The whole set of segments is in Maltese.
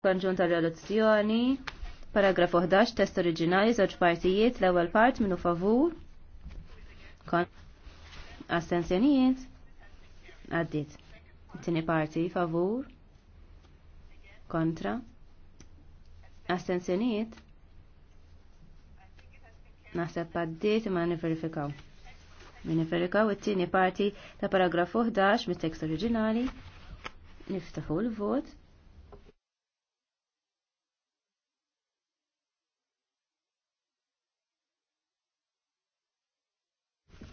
ta' relazzjoni, paragraf 11, test oriġinali, żewġ partijiet, l-ewwel part minnu favur, kon astensjonijiet, għaddit. Tini parti favur, kontra, astensjonijiet, naħseb għaddit ma niverifikaw. Niverifikaw it-tieni parti ta' paragraf 11 mit-tekst oriġinali, niftaħu l-vot,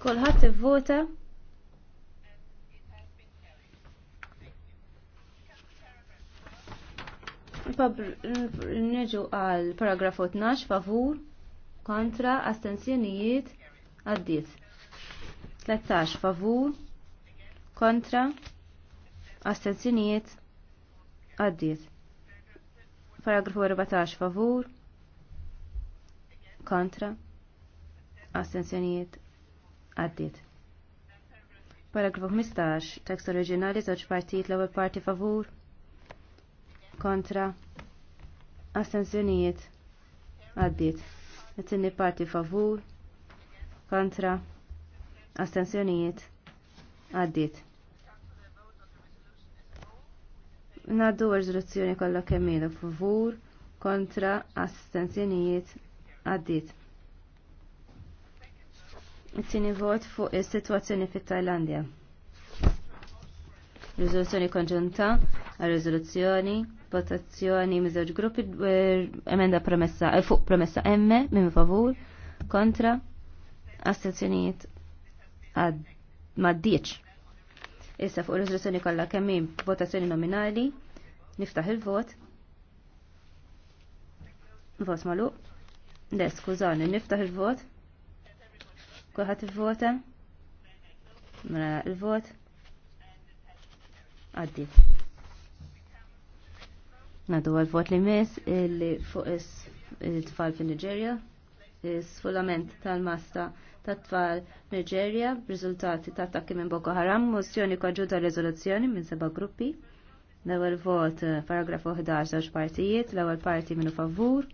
Kulħadd ivvota. Neġu għal paragrafu 12 favur kontra astensjonijiet għaddiet. 13 favur kontra astensjonijiet għaddiet. Paragrafu 14 favur kontra astensjonijiet Għaddit. Paragrafu 15, tekst oriġinali, żewġ partijiet l-ewwel parti favur, kontra, astenzjonijiet, għaddit. It-tieni parti favur, kontra, astenzjonijiet għaddit. Naddu rezoluzzjoni kollha kemm favur, kontra, astenzjonijiet, għaddit. Tini vot fuq is-sitwazzjoni fit-Tajlandja. Riżoluzzjoni konġunta għal riżoluzzjoni, votazzjoni miżewġ gruppi eh, emenda promessa eh, fuq promessa M minn favur kontra astenzjonijiet għad maddiċ. Issa fuq riżoluzzjoni kollha kemm votazzjoni nominali, niftaħ il-vot. Vot maluq. Le, skużani, niftaħ il-vot il-vota mra mela, il-vot. għaddi Nadu għal-vot li mis li fuq is-tfal fin niġerja Sfulament tal-masta tat-tfal Niġerja b'riżultati ta' attakki minn Boko Haram, mozzjoni konġunta riżoluzzjoni minn seba' gruppi. L-ewwel vot eh, paragrafu 11 żewġ partijiet, l-ewwel parti minnu favur,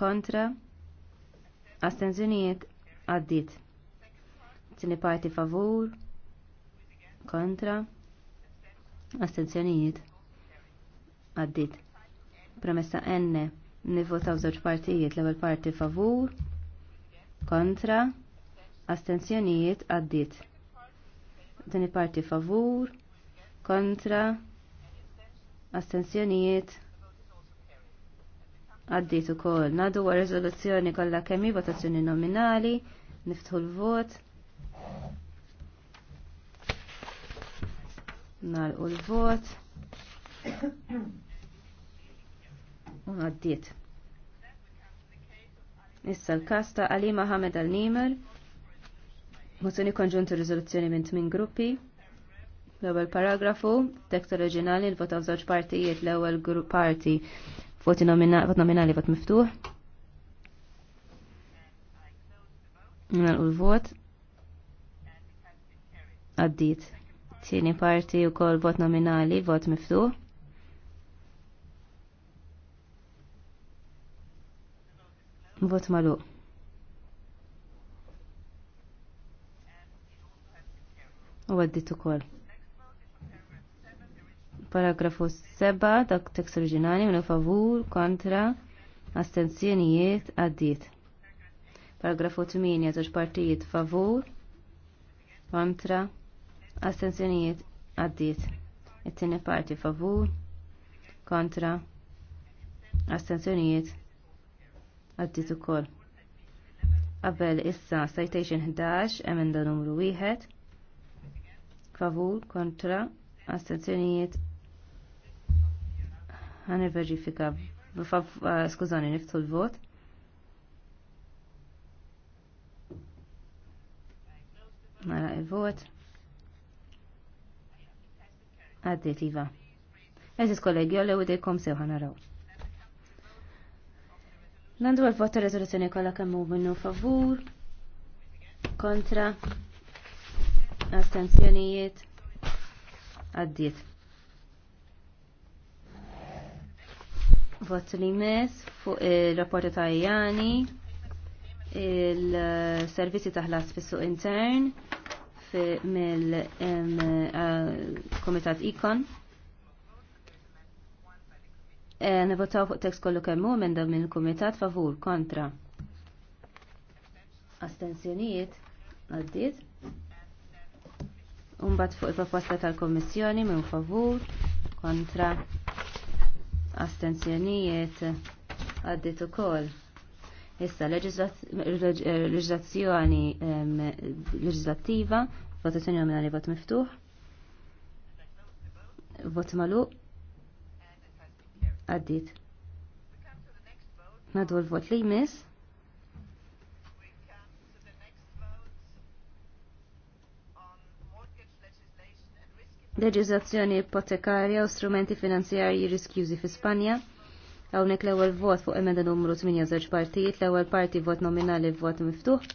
kontra, Astenzjonijiet għaddit. Tini parti favur, kontra, astenzjoniet għaddit. Premessa N, nivvotaw żewġ partijiet, l-ewwel parti favur, kontra, astenzjonijiet għaddit. Tini parti favur, kontra, astenzjonijiet Għaddit u kol, nadu għar rezoluzzjoni kolla kemmi votazzjoni nominali, niftħu l-vot. Nalqu l-vot. Un għaddit. Issa l kasta ta' Ali Mohamed Al-Nimer, mozzjoni konġunti rizoluzzjoni minn tmin gruppi. L-ewwel paragrafu, tekst oriġinali l-votaw żewġ partijiet l-ewwel parti Voti nominali, vot nominali, vot miftuħ. u l-vot. Għaddit. Tieni parti u kol vot nominali, vot miftuħ. Vot malu. U għaddit u kol. Paragrafu 7 dak tekst oriġinali minn favur kontra astenzjonijiet għaddiet. Paragrafu 8 żewġ partijiet favur kontra astenzjonijiet għaddiet. It-tieni parti favur kontra astenzjonijiet għaddiet ukoll. Qabel issa citation 11 emenda numru 1 favur kontra astenzjonijiet ħani verifika. Skużani, niftu l-vot. Nara mela, il-vot. Għaddit, Iva. Eżis kollegi, għallew id-dejkom sew ħanaraw. Nandu għal ta' rezoluzzjoni kolla kemmu minnu favur, kontra, astenzjonijiet, Għaddit. Vot li mess fuq il-rapporti ta' jani, il-servizzi ta' ħlas fis-suq intern mill-Komitat Ikon. E, nivotaw fuq tekst kollu kemmu minn dam mill-Komitat favur kontra. Astenzjonijiet għaddiet. Umbat fuq il-proposta tal komissjoni minn favur kontra astenzjonijiet għaddit ukoll. Issa leġislazzjoni eh, leġislattiva, votazzjoni għani vot miftuħ, vot malu, għaddit. Nadu l-vot li jmiss. Leġizazzjoni ipotekarja u strumenti finanzjarji riskjużi fi Spanja. Hawnhekk l-ewwel vot fuq emenda numru 8 żewġ partijiet, l-ewwel parti vot nominali vot miftuħ.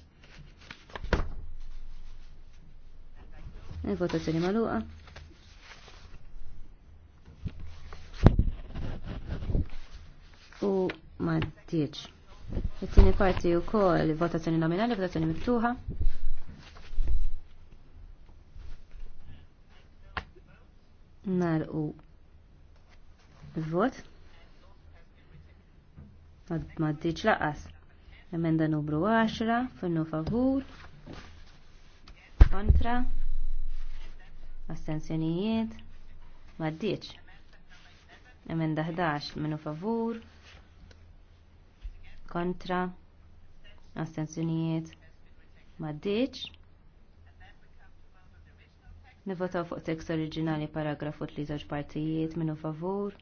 Il-votazzjoni magħluqa. U ma tiġ. It-tieni parti wkoll votazzjoni nominali, votazzjoni miftuħa. Narqu il-vot. Maddiċ laqas. Emenda numru 10, finnu favur. Kontra. Astenzjonijiet. Maddiċ. Emenda 11, minnu favur. Kontra. Astenzjonijiet. Maddiċ. Nivotaw fuq tekst oriġinali paragrafu 3 żewġ partijiet minnu favur.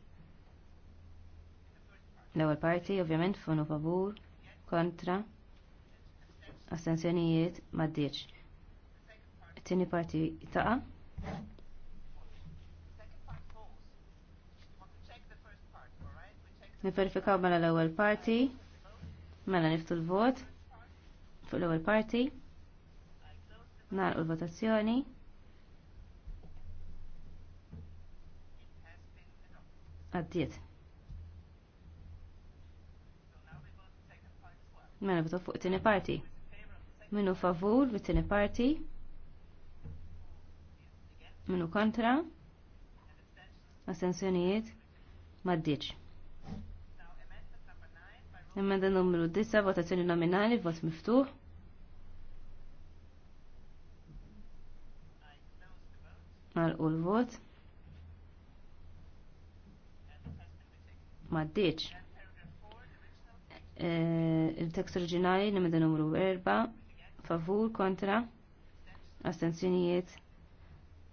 L-ewwel parti ovvjament funu favur kontra astensjonijiet m'għaddiex. Tini parti taqa'. Niferifikaw mela l-ewwel parti. Mela niftu l-vot fuq l-ewwel parti. Narqu l-votazzjoni. Għaddiet. Mela votaw fuq it-tieni parti. Minu favur bit tini parti. Minu kontra. Astensjonijiet. Maddiċ. Emenda numru 9, votazzjoni nominali, vot miftuħ. vot. Nalqu l-vot. maddiċ. Eh, il-tekst oriġinali nimeda numru 4, favur kontra astenzjonijiet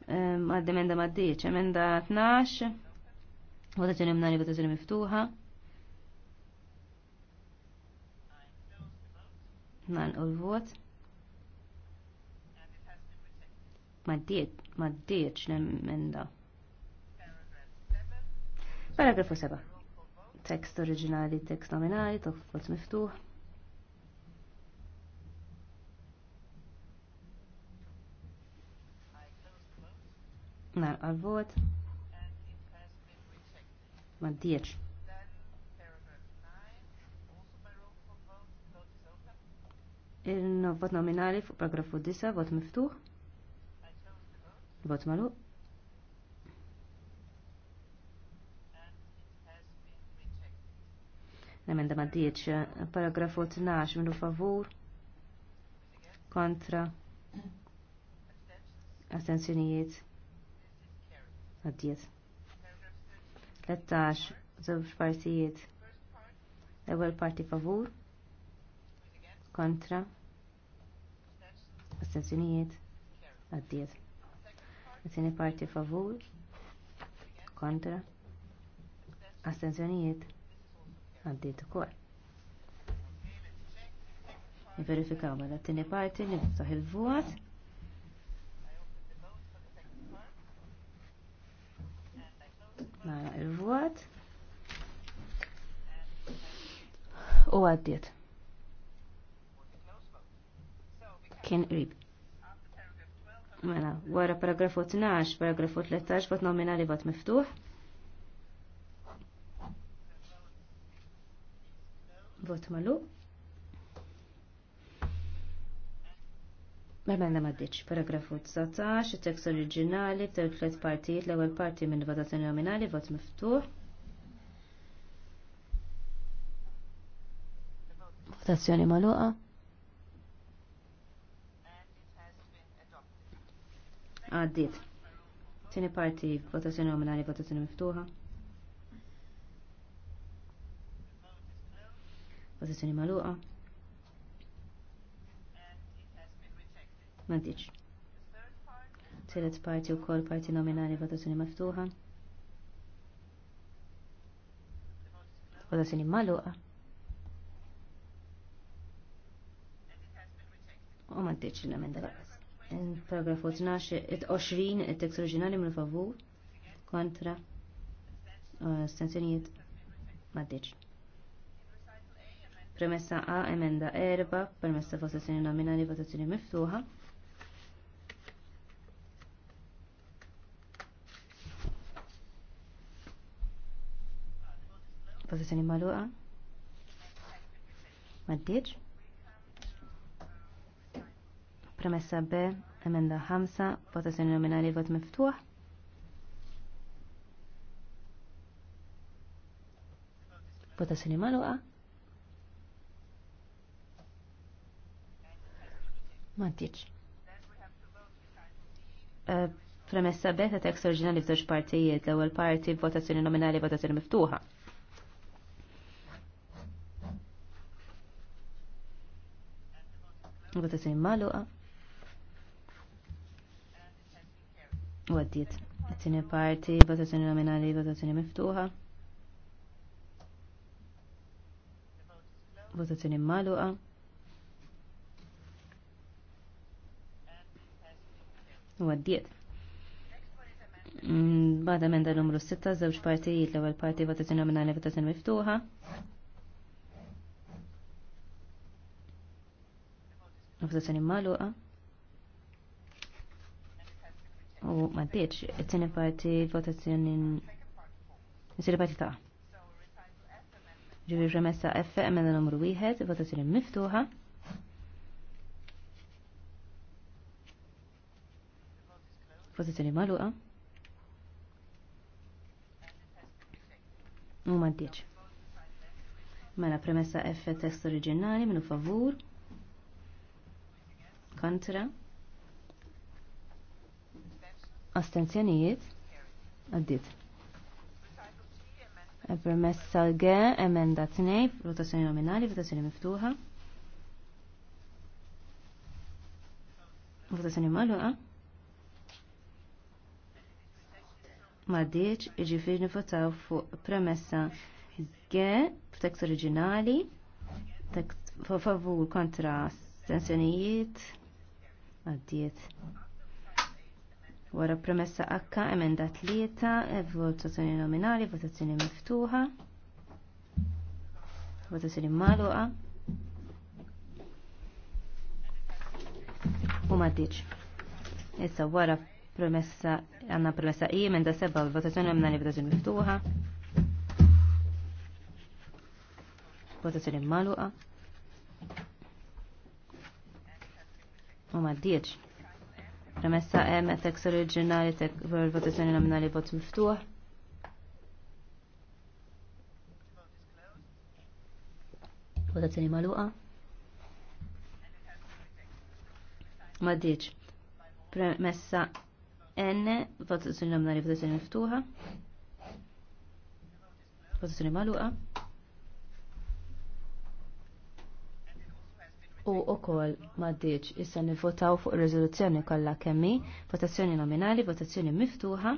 għad eh, emenda maddiċ. Emenda 12, votazzjoni mnani, votazzjoni miftuħa. Nan u l-vot. Maddiċ, maddiċ l-emenda. Paragrafu 7. Tekst oriġinali, tekst nominali, tok vot miftuħ. Nar għal-vot. Ma dieċ Il-vot nominali fuq paragrafu 9, vot miftuħ. Vot maluq. L-emenda ma ddiċ. Paragrafu 12 minu favur. Kontra. Astenzjonijiet. Għaddiet. 13. Zewġ partijiet. ewel parti favur. Kontra. Astenzjonijiet. Għaddiet. it parti favur. Kontra. Astenzjonijiet għaddiet ukoll. Verifikaw ma mela t-tieni parti, niftaħ il-vot. Nara mela il-vot. U għaddiet. Kien qrib. Mela, għara paragrafu 12, paragrafu 13, vot nominali, vot miftuħ. Vot malu. Marmenna mela, mela, maddiċ, paragrafu 19, il-tekst oriġinali, b'tew tliet partijiet, l-ewwel parti minn votazzjoni nominali, vot miftuħ. Votazzjoni magħluqa. Għaddit. Tieni parti, votazzjoni nominali, votazzjoni miftuħa. Votazzjoni maluqa. Mantiċ. Tiret parti u kol parti nominali votazzjoni maftuħa. Votazzjoni maluqa. U mantiċ l-emenda laqas. Paragrafu 12, it tekst oriġinali minn favur, kontra, stenzjonijiet, mantiċ. Premessa A, emenda erba, permessa votazzjoni nominali, votazzjoni miftuħa. Votazzjoni maluqa. Maddiċ. Premessa B, emenda hamsa, votazzjoni nominali, vot miftuħ. Votazzjoni maluqa. Mantiċ. Eh, premessa beta tekst oriġinali f'żewġ partijiet, l-ewwel parti votazzjoni nominali votazzjoni miftuħa. Votazzjoni magħluqa. U għaddiet. it parti votazzjoni nominali votazzjoni miftuħa. Votazzjoni magħluqa. u għaddiet. Mm, bad amenda numru 6, zewġ partijiet, l-ewwel parti votazzjoni nominali votazzjoni miftuħa. Votazzjoni maluqa. U ma ddietx, it tini parti votazzjoni Nisir parti ta' ġivir remessa F, amenda numru 1, votazzjoni miftuħa. Votazzjoni maluqa. U maddiċ. Mela premessa F test oriġinali minu favur. Kontra. Astenzjonijiet. Għaddit. E premessa G, emenda 2, votazzjoni nominali, votazzjoni miftuħa. Votazzjoni maluqa. maddiċ iġifir nivotaw fuq premessa G, tekst oriġinali, tekst favur kontra stensjonijiet, maddiet. Wara premessa akka, emenda tlieta, e, votazzjoni nominali, votazzjoni miftuħa, votazzjoni maluqa. U maddiċ. Issa wara premessa għanna premessa i minn da seba votazzjoni għamna li votazzjoni miftuħa. Votazzjoni maluqa. U ma d-dieċ. Premessa M, tekst oriġinali, tek votazzjoni għamna li votazzjoni miftuħa. Votazzjoni maluqa. Ma d-dieċ. Premessa N, votazzjoni nominali, votazzjoni miftuħa. Votazzjoni maluqa. U ukoll maddiċ issa nivvotaw fuq ir-riżoluzzjoni kollha kemmi, votazzjoni nominali, votazzjoni miftuħa.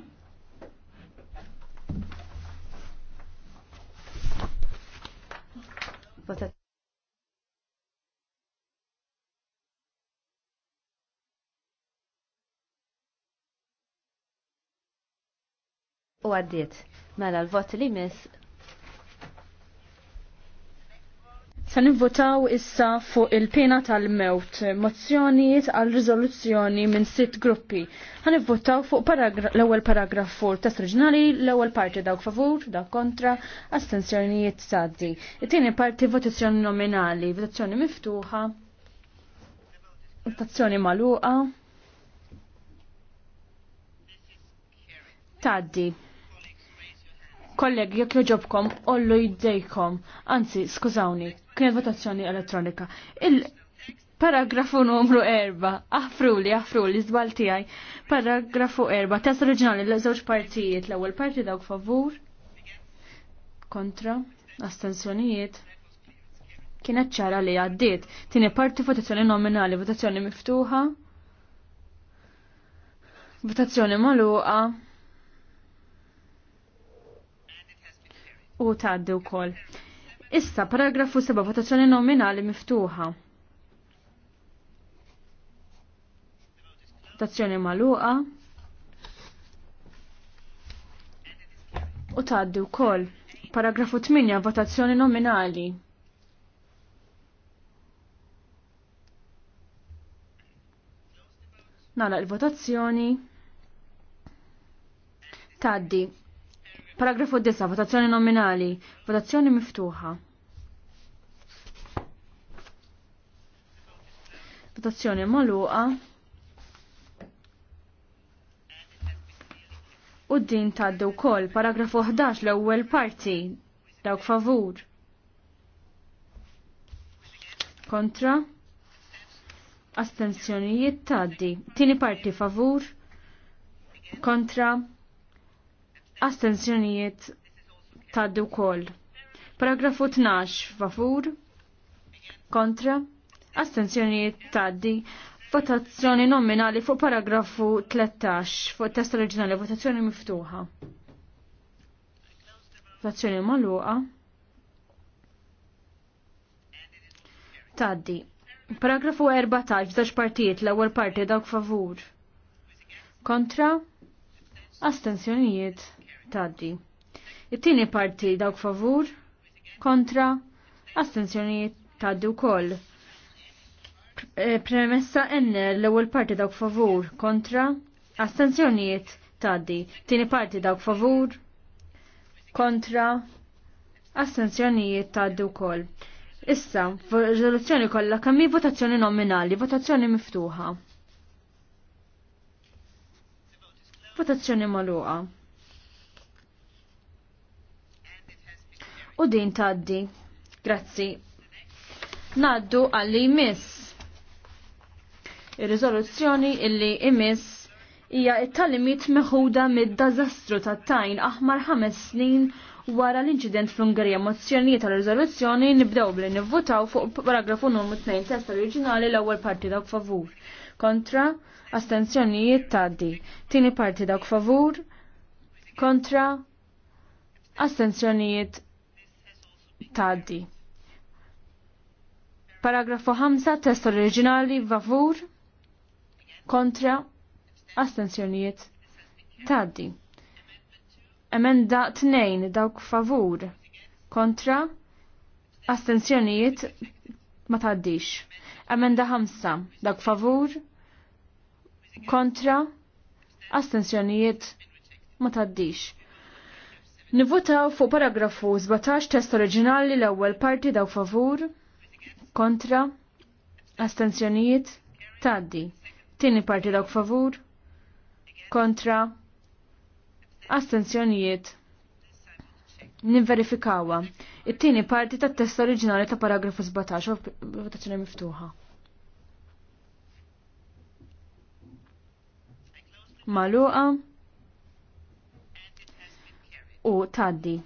Votazzjoni u għaddiet. Mela l-vot li miss. Sa nivvotaw issa fuq il-pena tal-mewt, mozzjonijiet għal riżoluzzjoni minn sitt gruppi. Għan nivvotaw fuq l-ewel paragrafu test oriġinali, l-ewel parti dawk favur, dawk kontra, astensjonijiet saddi. It-tieni parti votazzjoni nominali, votazzjoni miftuħa, votazzjoni maluqa. Taddi. Kollegi, jekk joġobkom, ollu jiddejkom, Anzi, skużawni, kien votazzjoni elettronika. Il-paragrafu numru 4, aħfruli, aħfruli, zbal tijaj. Paragrafu erba, test oriġinali l-żewġ partijiet, l-ewwel parti dawk favur, kontra, astensjonijiet kienet ċara li għaddiet. tini parti votazzjoni nominali, votazzjoni miftuħa, votazzjoni maluqa. u u kol. Issa paragrafu 7 votazzjoni nominali miftuħa. Votazzjoni magħluqa. U tgħaddi wkoll. Paragrafu 8 votazzjoni nominali. Nagħlaq il-votazzjoni. Taddi. Paragrafu 9, votazzjoni nominali, votazzjoni miftuħa. Votazzjoni maluqa. U din taddu wkoll paragrafu 11 l-ewwel parti dawk favur. Kontra. Astenzjonijiet jittaddi. Tini parti favur. Kontra astenzjonijiet taddu kol. Paragrafu 12 favur kontra astenzjonijiet taddi votazzjoni nominali fuq paragrafu 13 fuq test oriġinali votazzjoni miftuħa. Votazzjoni maluqa. Taddi. Paragrafu 14 f'dax partijiet l-ewwel parti dawk favur. Kontra astenzjonijiet taddi. It-tieni parti dawk favur, kontra, astenzjonijiet taddi wkoll. Premessa N l-ewwel parti dawk favur, kontra, astenzjonijiet taddi. Tieni parti dawk favur, kontra, astenzjonijiet taddi wkoll. Issa, rizoluzzjoni kollha kemm votazzjoni nominali, votazzjoni miftuħa. Votazzjoni magħluqa. u din taddi. Grazzi. Naddu għalli jmiss. Ir-riżoluzzjoni illi imiss hija it-talimit meħuda mid-dazastru ta' tajn aħmar ħames snin wara l-inċident fl-Ungerija mozzjonijiet tal riżoluzzjoni nibdew bli nivvotaw fuq paragrafu numru 2 test oriġinali l-ewwel parti dawk favur. Kontra astenzjonijiet tgħaddi. Tieni parti dawk favur. Kontra astenzjonijiet tgħaddi. Paragrafu 5 test oriġinali favur kontra astensjonijiet tgħaddi. Emenda 2 dawk favur kontra astensjonijiet ma tgħaddix. Emenda 5 dawk favur kontra astensjonijiet ma taddix. Nivvotaw fuq paragrafu 17 test oriġinali l-ewwel parti daw favur, kontra, astenzjonijiet, taddi. Tieni parti dawk favur, kontra, astenzjonijiet. Nivverifikawa. It-tieni parti tat-test oriġinali ta' paragrafu 17 votazzjoni miftuħa. Maluqa u taddi.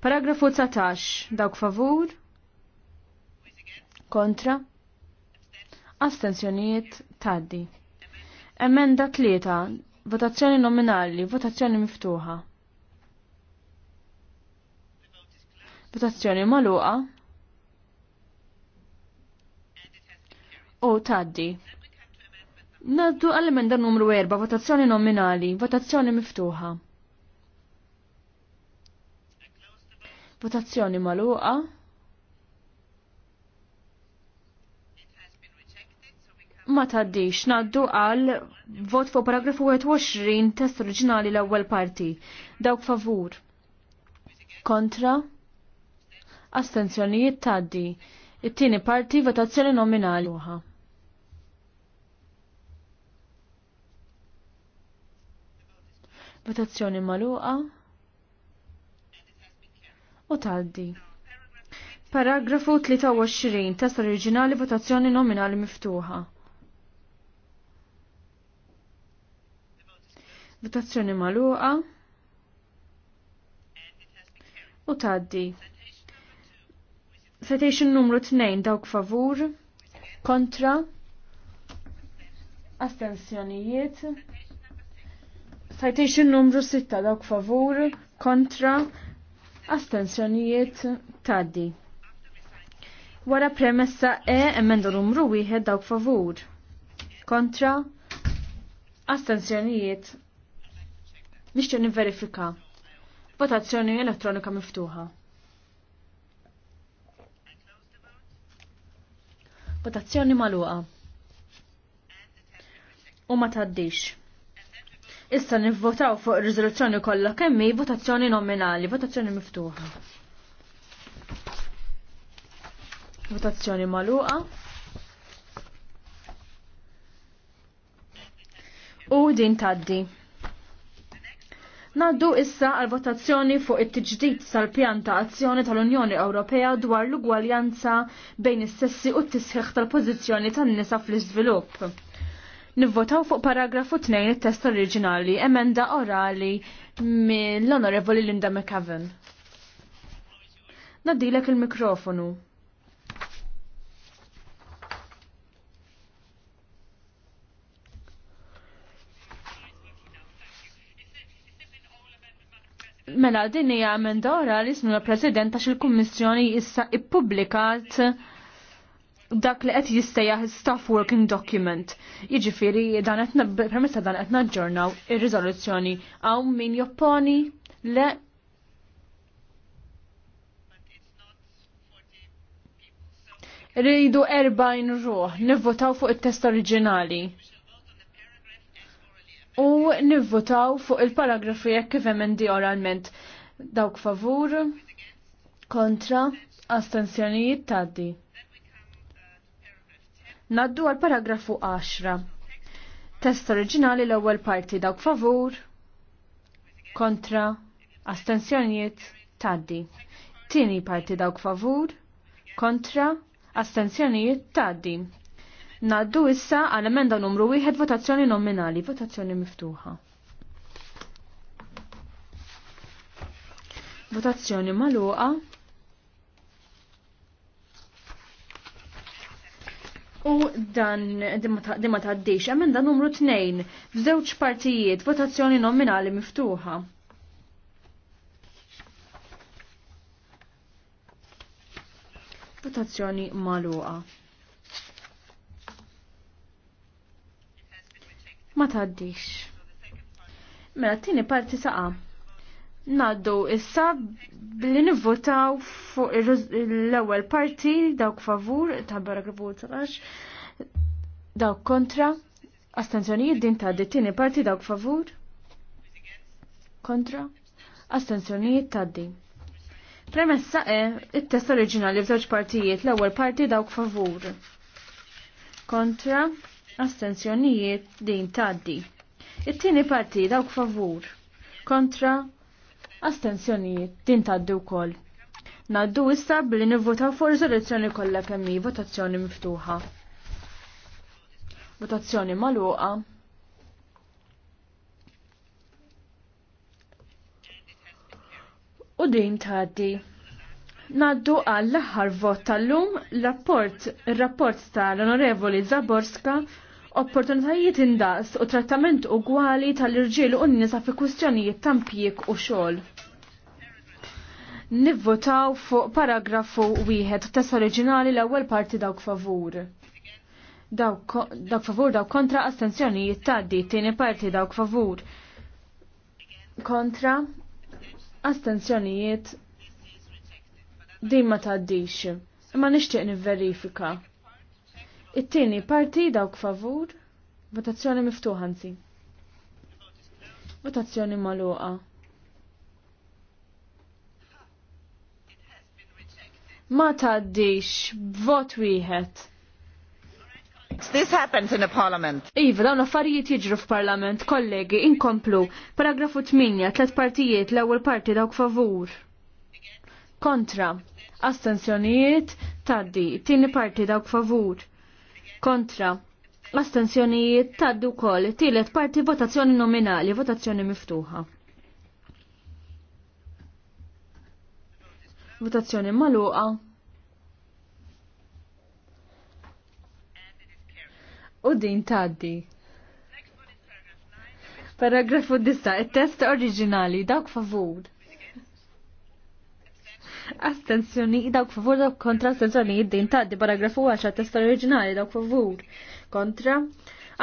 Paragrafu 19. Dawk favur? Kontra? Astenzjonijiet taddi. Emenda 3. Votazzjoni nominali. Votazzjoni miftuħa. Votazzjoni maluqa. U taddi. Naddu għall-emenda numru 4. Votazzjoni nominali. Votazzjoni miftuħa. Votazzjoni maluqa. Ma taddix naddu għal vot fuq paragrafu 21 test oriġinali l-ewwel parti. Dawk favur. Kontra. Astenzjonijiet jittaddi. It-tieni parti votazzjoni nominali. Votazzjoni maluqa u tgħaddi. Paragrafu 23 test oriġinali votazzjoni nominali miftuħa. Votazzjoni maluqa u taddi. Citation numru 2 dawk favur kontra astensjonijiet. Citation numru 6 dawk favur kontra astensjonijiet taddi. Wara premessa E emmendu numru wieħed dawk favur. Kontra astensjonijiet nixtieq nivverifika. Votazzjoni elettronika miftuħa. Votazzjoni maluqa. U ma taddix. Issa nivvotaw fuq ir-riżoluzzjoni kollha kemm hi votazzjoni nominali, votazzjoni miftuħa. Votazzjoni magħluqa. U din taddi. Naddu issa għal votazzjoni fuq it-tiġdid sal-pjan ta' azzjoni tal-Unjoni Ewropea dwar l-ugwaljanza bejn is-sessi u t-tisħiħ tal-pożizzjoni tan-nisa fl-iżvilupp. Nivvotaw fuq paragrafu 2 it-test oriġinali, emenda orali mill-Onorevoli Linda McCavan. Naddilek il-mikrofonu. Mela din hija emenda orali snu l-President għax il-Kummissjoni issa ippubblikat dak li qed jistejjaħ staff working document. Jiġifieri dan qed permessa dan qed naġġornaw ir-riżoluzzjoni hawn min jopponi le Rridu 40 ruħ nivvotaw fuq it-test oriġinali. U nivvotaw fuq il-paragrafi jekk kif emendi oralment dawk favur, kontra, astensjonijiet taddi. Naddu għal paragrafu 10. Test oriġinali l-ewwel parti dawk favur, kontra, astensjonijiet, taddi. Tieni parti dawk favur, kontra, astensjonijiet, taddi. Naddu issa għal emenda numru 1 votazzjoni nominali, votazzjoni miftuħa. Votazzjoni maluqa. u dan dimma taddix emenda numru 2 f'żewġ partijiet votazzjoni nominali miftuħa. Votazzjoni maluqa. Ma d-dix. Mela t-tieni parti saqa' Naddu issa li nivvotaw fuq l-ewwel parti dawk favur ta' paragrafu 12 dawk kontra astenzjonijiet din ta' tieni parti dawk favur kontra astenzjonijiet ta' din. Premessa e it-test oriġinali f'żewġ partijiet l-ewwel parti dawk favur kontra astenzjonijiet din tgħaddi. It-tieni parti dawk favur kontra Astenzjonijiet din taddi wkoll. Naddu issa billi nivvotaw fuq riżoluzzjoni kollha kemm hi votazzjoni miftuħa. Votazzjoni magħluqa. U din tgħaddi. Naddu għall aħħar vot tal-lum rapport rapport tal-Onorevoli Zaborska opportunitajiet indaqs u trattament ugwali tal-irġiel u n-nisa fi kwistjonijiet tampjik u xogħol. Nivvotaw fuq paragrafu wieħed tas oriġinali l-ewwel parti dawk favur. Dawk, dawk favur dawk kontra astenzjonijiet t tieni parti dawk favur. Kontra astenzjonijiet din ma tgħaddix. Imma nixtieq nivverifika. verifika It-tieni parti dawk favur, votazzjoni miftuħa anzi. Votazzjoni magħluqa. Ma tgħaddix vot wieħed. This happens in a parliament. Iva, dawn affarijiet jiġru f'parlament, kollegi, inkomplu. Paragrafu 8, tlet partijiet, l-ewwel parti dawk favur. Kontra. Astensjonijiet, taddi, tieni parti dawk favur kontra astensjonijiet taddu kol tielet parti votazzjoni nominali, votazzjoni miftuħa. Votazzjoni maluqa. U din taddi. Paragrafu 9, it-test oriġinali, dak favur. Astenzjoni, dawk favur, dawk kontra, astenzjoni, id-din taddi, paragrafu 10, testa oriġinali, dawk favur, kontra,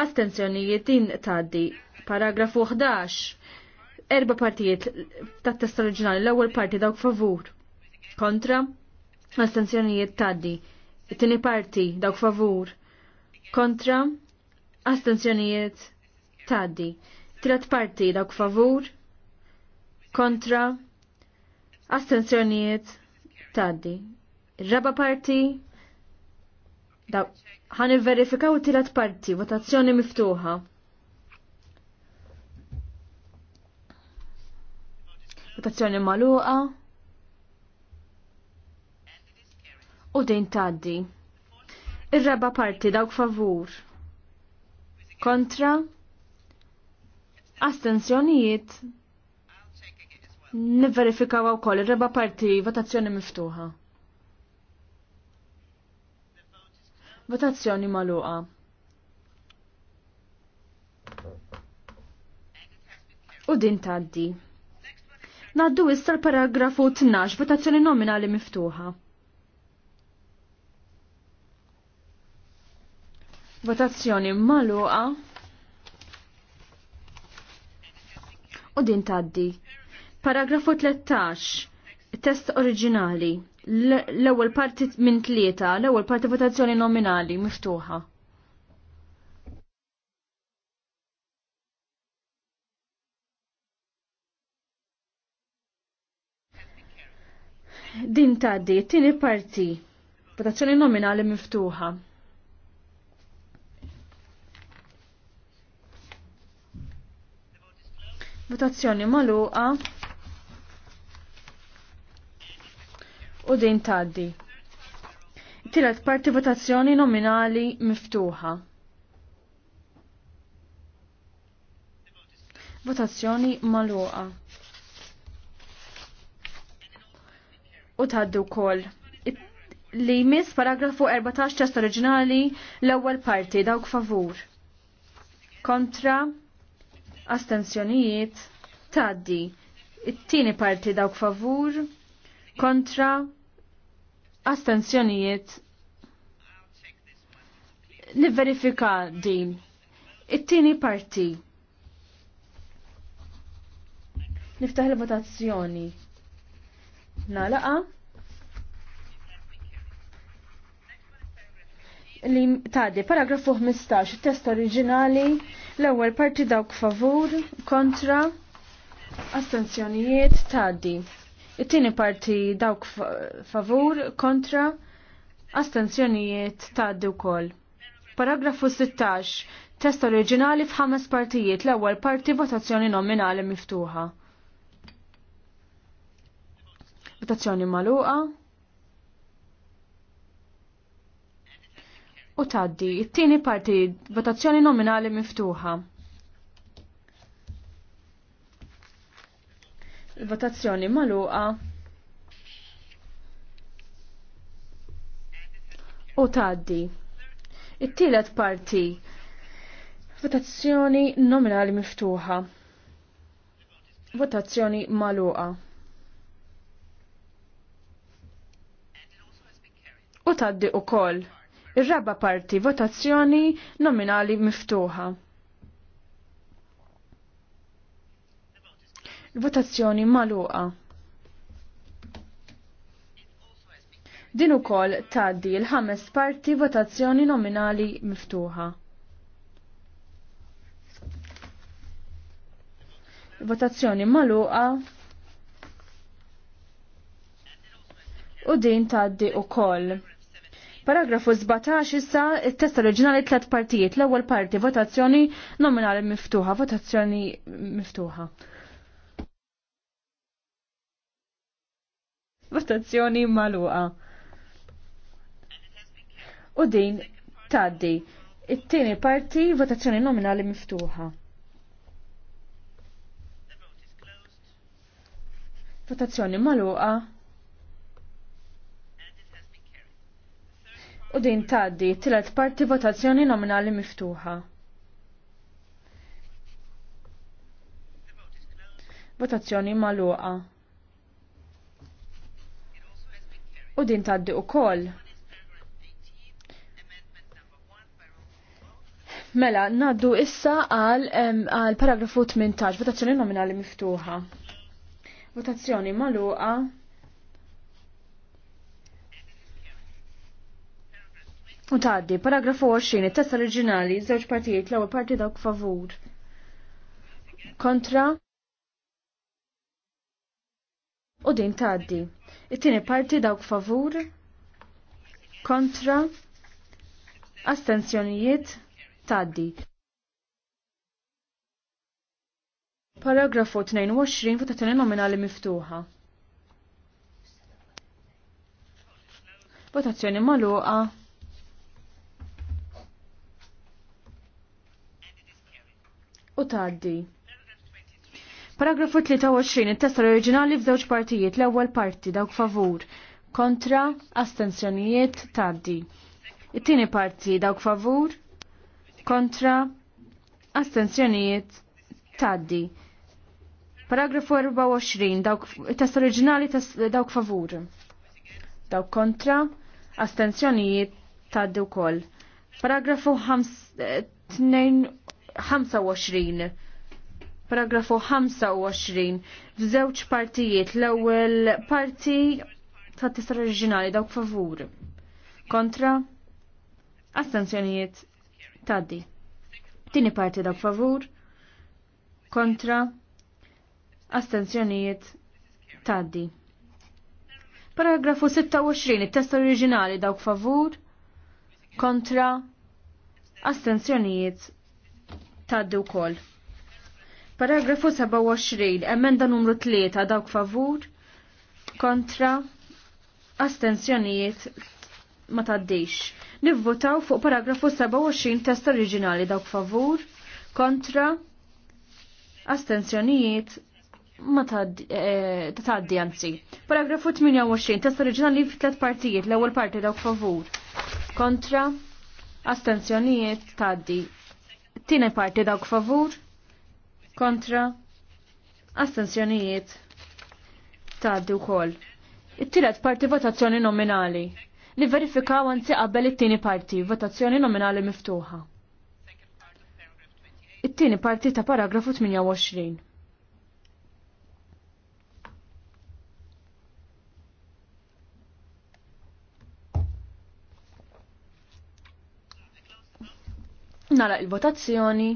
astenzjoni, id-din taddi, paragrafu 11, erba partijiet ta' testa oriġinali, l-ewwel parti dawk favur, kontra, astenzjonijiet taddi, it tini parti dawk favur, kontra, astensjonijiet taddi, tret parti dawk favur, kontra, Astenzjonijiet taddi. Raba parti ħan verifikaw it-tielet parti, votazzjoni miftuħa. Votazzjoni maluqa. U din taddi. Ir-raba parti dawk favur. Kontra. Astenzjonijiet Niverifikaw wkoll ir-reba parti votazzjoni miftuħa. Votazzjoni magħluqa. U din tgħaddi. Naddu issa l-paragrafu 12, votazzjoni nominali miftuħa. Votazzjoni maluqa. U din taddi. Paragrafu 13. Test oriġinali. L-ewwel parti minn tlieta, l-ewwel parti votazzjoni nominali miftuħa. Din tgħaddi, tieni parti. Votazzjoni nominali miftuħa. Votazzjoni maluqa. u din taddi. Tilet parti votazzjoni nominali miftuħa. Votazzjoni maluqa. U taddu wkoll. Li jmiss paragrafu 14 ċest oriġinali l-ewwel parti dawk favur. Kontra astensjonijiet taddi. It-tieni parti dawk favur kontra astenzjonijiet Nivverifika din. It-tieni parti. Niftaħ il-votazzjoni. Nalaqa. Li tadi, paragrafu 15, test oriġinali, l-ewwel parti dawk favur, kontra, astenzjonijiet tadi. It-tieni parti dawk favur kontra astenzjonijiet tgħaddi wkoll. Paragrafu 16. Test oriġinali f'ħames partijiet l-ewwel parti votazzjoni nominali miftuħa. Votazzjoni magħluqa. U taddi, It-tieni parti votazzjoni nominali miftuħa. Votazzjoni maluqa. U taddi. It-tielet parti. Votazzjoni nominali miftuħa. Votazzjoni maluqa. U taddi u koll. Ir-raba parti votazzjoni nominali miftuħa. Votazzjoni maluqa. Din ukoll tgħaddi l-ħames parti votazzjoni nominali miftuħa. Votazzjoni maluqa. U din tgħaddi ukoll. Paragrafu 17 issa it-test oriġinali tliet partijiet. L-ewwel parti votazzjoni nominali miftuħa, votazzjoni miftuħa. Votazzjoni maluqa. U din taddi. It-tieni parti votazzjoni nominali miftuħa. Votazzjoni maluqa. U din taddi tielet parti votazzjoni nominali miftuħa. Votazzjoni maluqa. u din taddi u koll. Mela, naddu issa għal, għal paragrafu 18, votazzjoni nominali miftuħa. Votazzjoni maluqa. U taddi, paragrafu 20, il-test oriġinali, żewġ partijiet, l-ewwel parti dawk favur. Kontra. U din taddi. It-tieni parti dawk favur, kontra, astenzjonijiet taddi. Paragrafu 22 votazzjoni nominali miftuħa. Votazzjoni maluqa. U taddi. Paragrafu 23, it l oriġinali f'żewġ partijiet, l-ewwel parti dawk favur, kontra astensjonijiet taddi. It-tieni parti dawk favur, kontra astensjonijiet taddi. Paragrafu 24, dawk test oriġinali dawk favur. Dawk kontra astensjonijiet taddi wkoll. Paragrafu 25 eh, Paragrafu 25 f'żewġ partijiet l-ewwel parti ta' tista' oriġinali dawk favur. Kontra astenzjonijiet taddi. Tini parti dawk favur. Kontra astenzjonijiet taddi. Paragrafu 26 it-test oriġinali dawk favur. Kontra astenzjonijiet taddi wkoll. Paragrafu 27, emenda numru 3, dawk favur, kontra, astensjonijiet ma taddix. Nivvotaw fuq paragrafu 27 test oriġinali dawk favur, kontra, astensjonijiet ma taddi eh, anzi. Paragrafu 28 test oriġinali fit tlet partijiet, l-ewwel parti dawk favur, kontra, astenzjonijiet taddi. Tine parti dawk favur, kontra astensjonijiet taddi wkoll. It-tielet parti votazzjoni nominali. Niverifikaw anzi qabel it-tieni parti, votazzjoni nominali miftuħa. It-tieni parti ta' paragrafu 28. Nara il-votazzjoni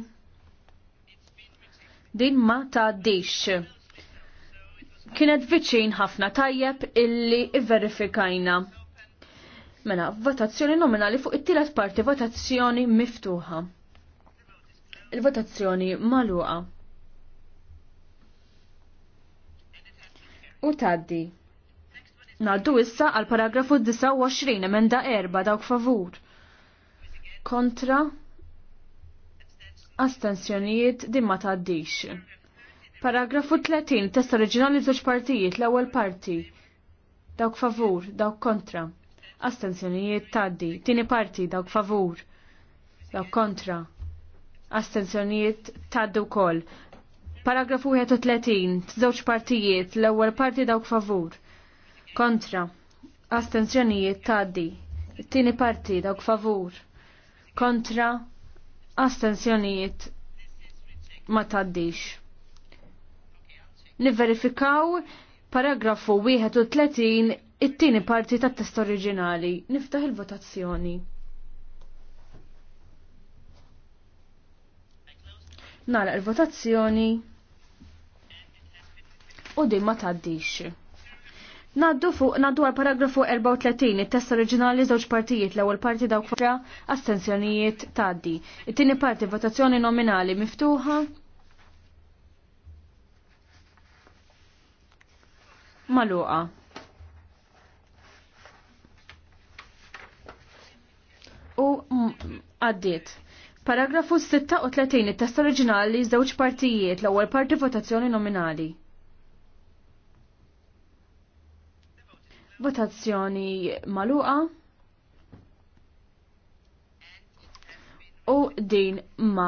din ma dix. Kienet viċin ħafna tajjeb illi verifikajna. Mela, votazzjoni nominali fuq it-tielet parti votazzjoni miftuħa. Il-votazzjoni maluqa. U taddi. Naddu issa għal paragrafu 29 emenda erba' dawk favur. Kontra astensjonijiet din ma tgħaddix. Paragrafu 30 testa oriġinali żewġ partijiet l-ewwel parti. Dawk favur, dawk kontra. Astensjonijiet tgħaddi. Tieni parti dawk favur, dawk kontra. Astensjonijiet tgħaddu wkoll. Paragrafu 30. żewġ partijiet, l-ewwel parti dawk favur. Kontra. Astenzjonijiet tgħaddi. It-tieni parti dawk favur. Kontra astensjonijiet ma taddix. Niverifikaw paragrafu 31 it-tieni parti tat-test oriġinali. Niftaħ il-votazzjoni. Nara il-votazzjoni u din ma taddix. Naddu fuq naddu għal paragrafu 34 it-test oriġinali żewġ partijiet l-ewwel parti dawk kontra astensjonijiet tgħaddi. It-tieni parti votazzjoni nominali miftuħa. Maluqa. U għaddiet. Paragrafu 36 it-test oriġinali żewġ partijiet l-ewwel parti votazzjoni nominali. Votazzjoni maluqa. U din ma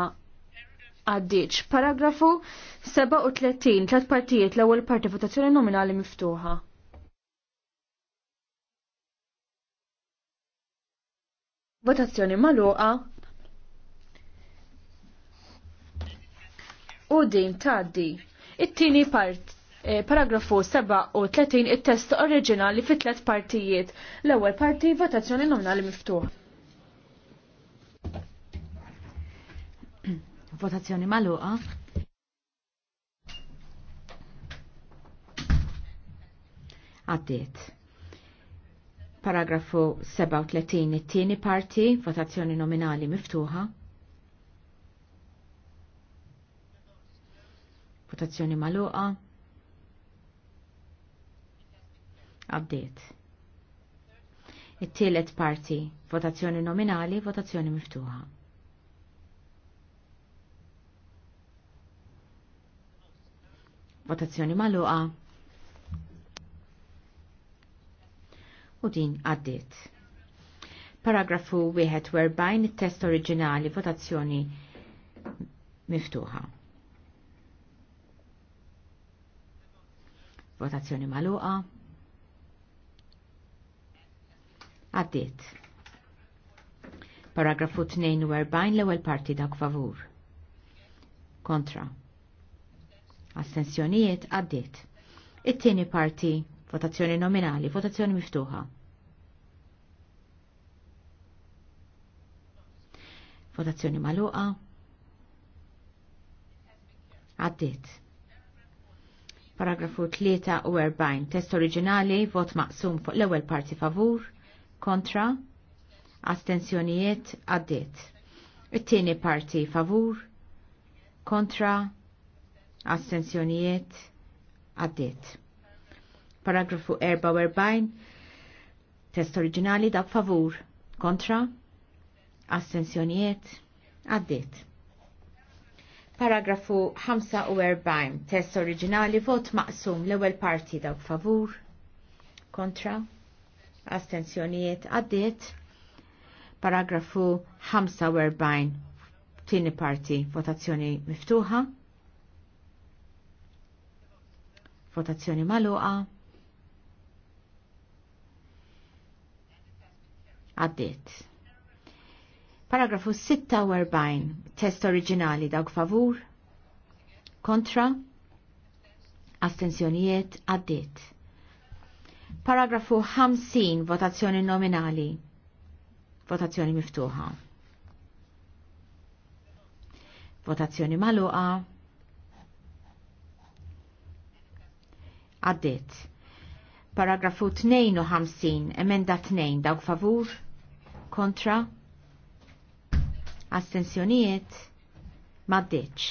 għaddiċ. Paragrafu 37, tlet partijiet l-ewwel parti votazzjoni nominali miftuħa. Votazzjoni maluqa. U din taddi. It-tieni part Eh, paragrafu 37 it-test oriġinali fit tlet partijiet. L-ewwel parti votazzjoni nominali miftuħ. Votazzjoni magħluqa. Għaddiet. Paragrafu 37 it-tieni parti, votazzjoni nominali miftuħa. Votazzjoni magħluqa. Għabdiet. It-tielet parti, votazzjoni nominali, votazzjoni miftuħa. Votazzjoni maluqa. U din għaddiet. Paragrafu 41, it-test oriġinali, votazzjoni miftuħa. Votazzjoni maluqa. Għaddit. Paragrafu 42 l-ewwel parti dak favur. Kontra. Astensjonijiet għaddit. It-tieni parti votazzjoni nominali, votazzjoni miftuħa. Votazzjoni maluqa. Għaddit paragrafu 43, test oriġinali, vot maqsum fuq l-ewwel parti favur, kontra, astensjonijiet għaddiet. It-tieni parti favur, kontra, astensjonijiet għaddiet. Paragrafu 44, test oriġinali dak favur, kontra, astensjonijiet għaddiet. Paragrafu 45, test oriġinali vot maqsum l-ewwel parti dak favur, kontra, astenzjonijiet għaddiet paragrafu 45 tini parti votazzjoni miftuħa votazzjoni maluqa għaddiet paragrafu 46 test oriġinali dawk favur kontra astenzjonijiet għaddiet Paragrafu 50, votazzjoni nominali. Votazzjoni miftuħa. Votazzjoni maluqa. Għaddit. Paragrafu 52, emenda 2, dawk favur, kontra, astensjonijiet, maddiċ.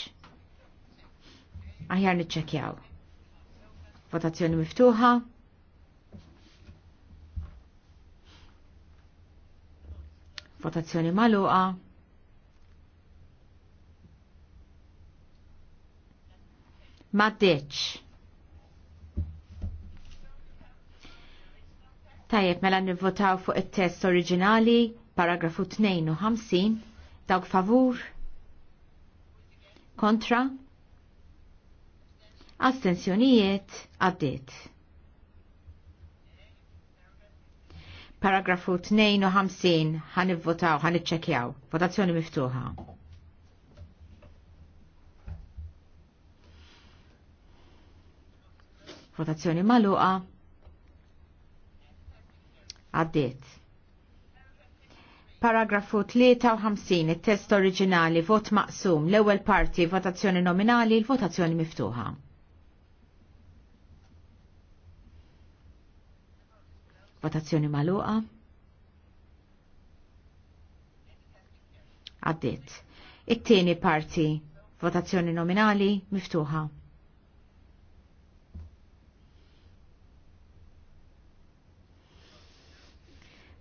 Aħjar nitċekjaw. Votazzjoni miftuħa. Votazzjoni maluqa. deċ. Tajjeb mela nivvotaw fuq it-test oriġinali, paragrafu 52, dawk favur, kontra, astensjonijiet, għaddiet. Paragrafu 52 ħan votaw ħan iċċekjaw. Votazzjoni miftuħa. Votazzjoni maluqa. Għaddit. Paragrafu 53, il-test oriġinali, vot maqsum, l-ewel parti, votazzjoni nominali, l-votazzjoni miftuħa. Votazzjoni maluqa. Għaddit. It-tieni parti. Votazzjoni nominali miftuħa.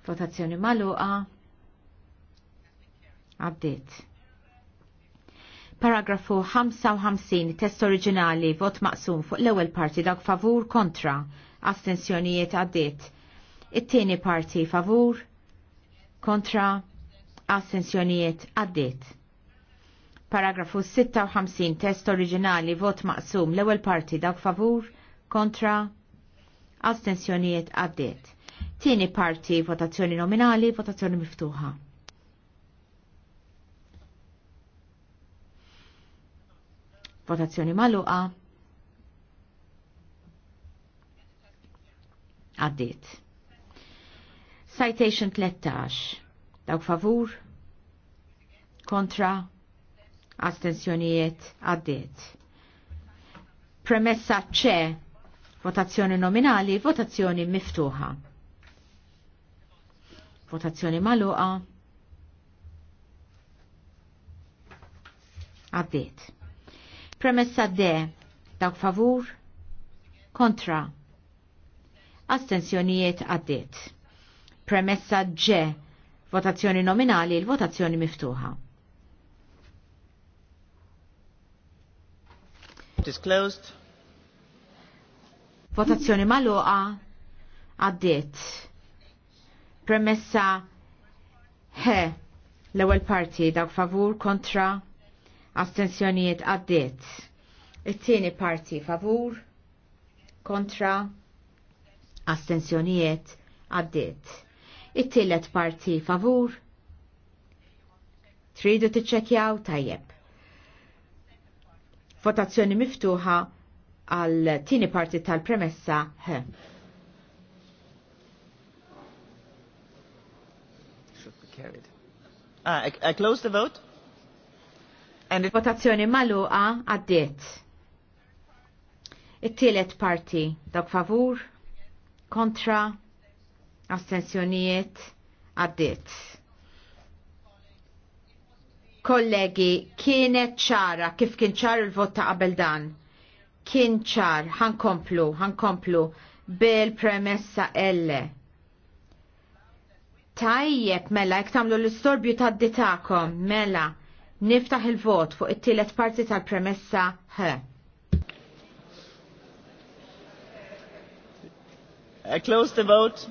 votazzjoni maluqa għabdiet. Paragrafu 55, test oriġinali, vot maqsum fuq l-ewel parti dak favur kontra, astensjonijiet għaddiet it-tieni parti favur, kontra, assenzjonijiet għaddit. Paragrafu 56 test oriġinali vot maqsum l-ewwel parti dawk favur, kontra, astensjonijiet għaddiet. Tieni parti votazzjoni nominali, votazzjoni miftuħa. Votazzjoni maluqa. Għaddiet. Citation 13. Dawk favur? Kontra? Astensjonijiet għaddiet. Premessa ċe. Votazzjoni nominali, votazzjoni miftuħa. Votazzjoni maluqa. Għaddiet. Premessa D. Dawk favur? Kontra? Astensjonijiet għaddiet premessa ġe votazzjoni nominali il-votazzjoni miftuħa. Disclosed. Votazzjoni maluqa għaddiet. Premessa he l-ewwel parti dawk favur kontra astensjonijiet għaddiet. It-tieni parti favur kontra astensjonijiet għaddiet it-tielet parti favur. Tridu tiċċekjaw tajjeb. Votazzjoni miftuħa għal tieni parti tal-premessa H. Carried. Ah, I, I close the vote. And it... Votazzjoni maluqa għaddiet. It-tielet parti dak favur, kontra, astensjonijiet għaddit. Kollegi, kienet ċara kif kien ċar il-vot ta' qabel dan. Kien ċar, ħankomplu, komplu, bil-premessa elle. Tajjeb, mela, jek tamlu l-istorbju ta' ditakom, mela, niftaħ il-vot fuq it-tielet parti tal-premessa H. I close the vote.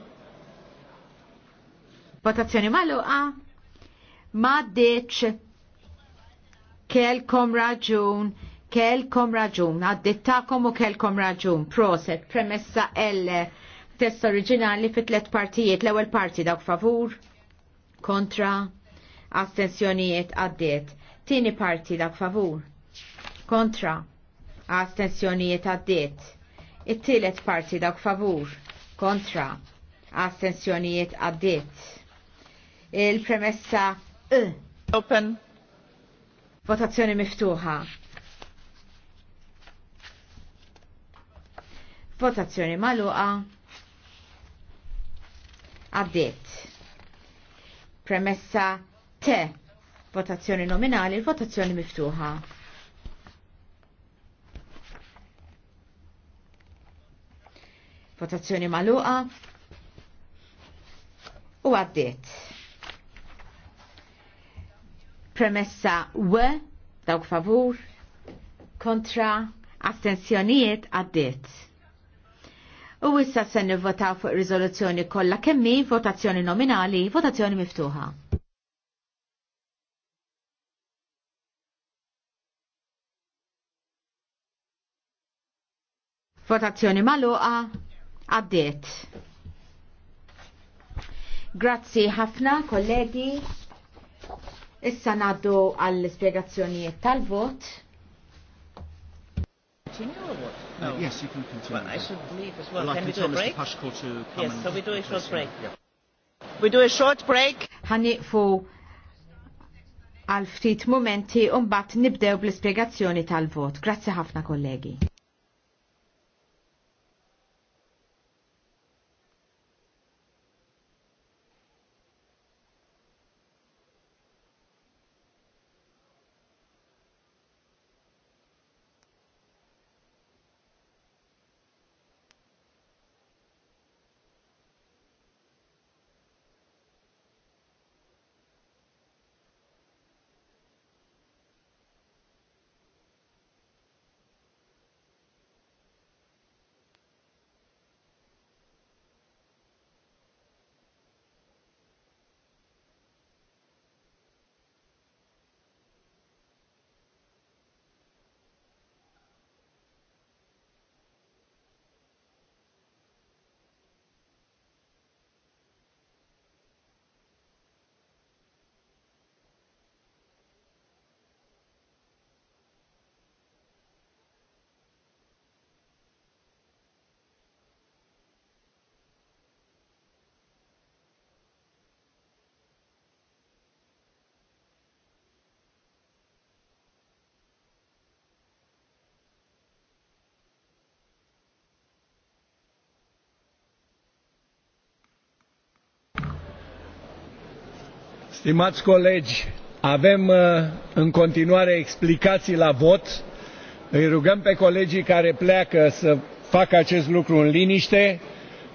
Votazzjoni maluqa ma deċ kelkom raġun, kelkom raġun, għaddittakom u kelkom raġun, proset, premessa L, test oriġinali fit tlet partijiet, l ewwel parti dawk favur, kontra, astensjonijiet għaddit tini parti dawk favur, kontra, astensjonijiet għaddit it-tielet parti dawk favur, kontra, astensjonijiet għaddit il-premessa e. Open. Votazzjoni miftuħa. Votazzjoni maluqa. Għaddit. Premessa T. Votazzjoni nominali, votazzjoni miftuħa. Votazzjoni maluqa. U għaddit. Premessa W, dawk favur, kontra, astensjonijiet għaddit. U issa se nivvotaw fuq riżoluzzjoni kollha kemmi votazzjoni nominali, votazzjoni miftuħa. Votazzjoni maluqa għaddiet. Grazzi ħafna kollegi. Issa naddu għall-spiegazzjonijiet tal-vot. Uh, no. Yes, you can continue. I should leave as well. can we do a break? yes, so we do a short break. Yeah. We do a short break. għal ftit momenti u mbagħad nibdew bl spiegazzjoni tal-vot. Grazzi ħafna kollegi. Stimați colegi, avem uh, în continuare explicații la vot. Îi rugăm pe colegii care pleacă să facă acest lucru în liniște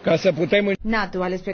ca să putem...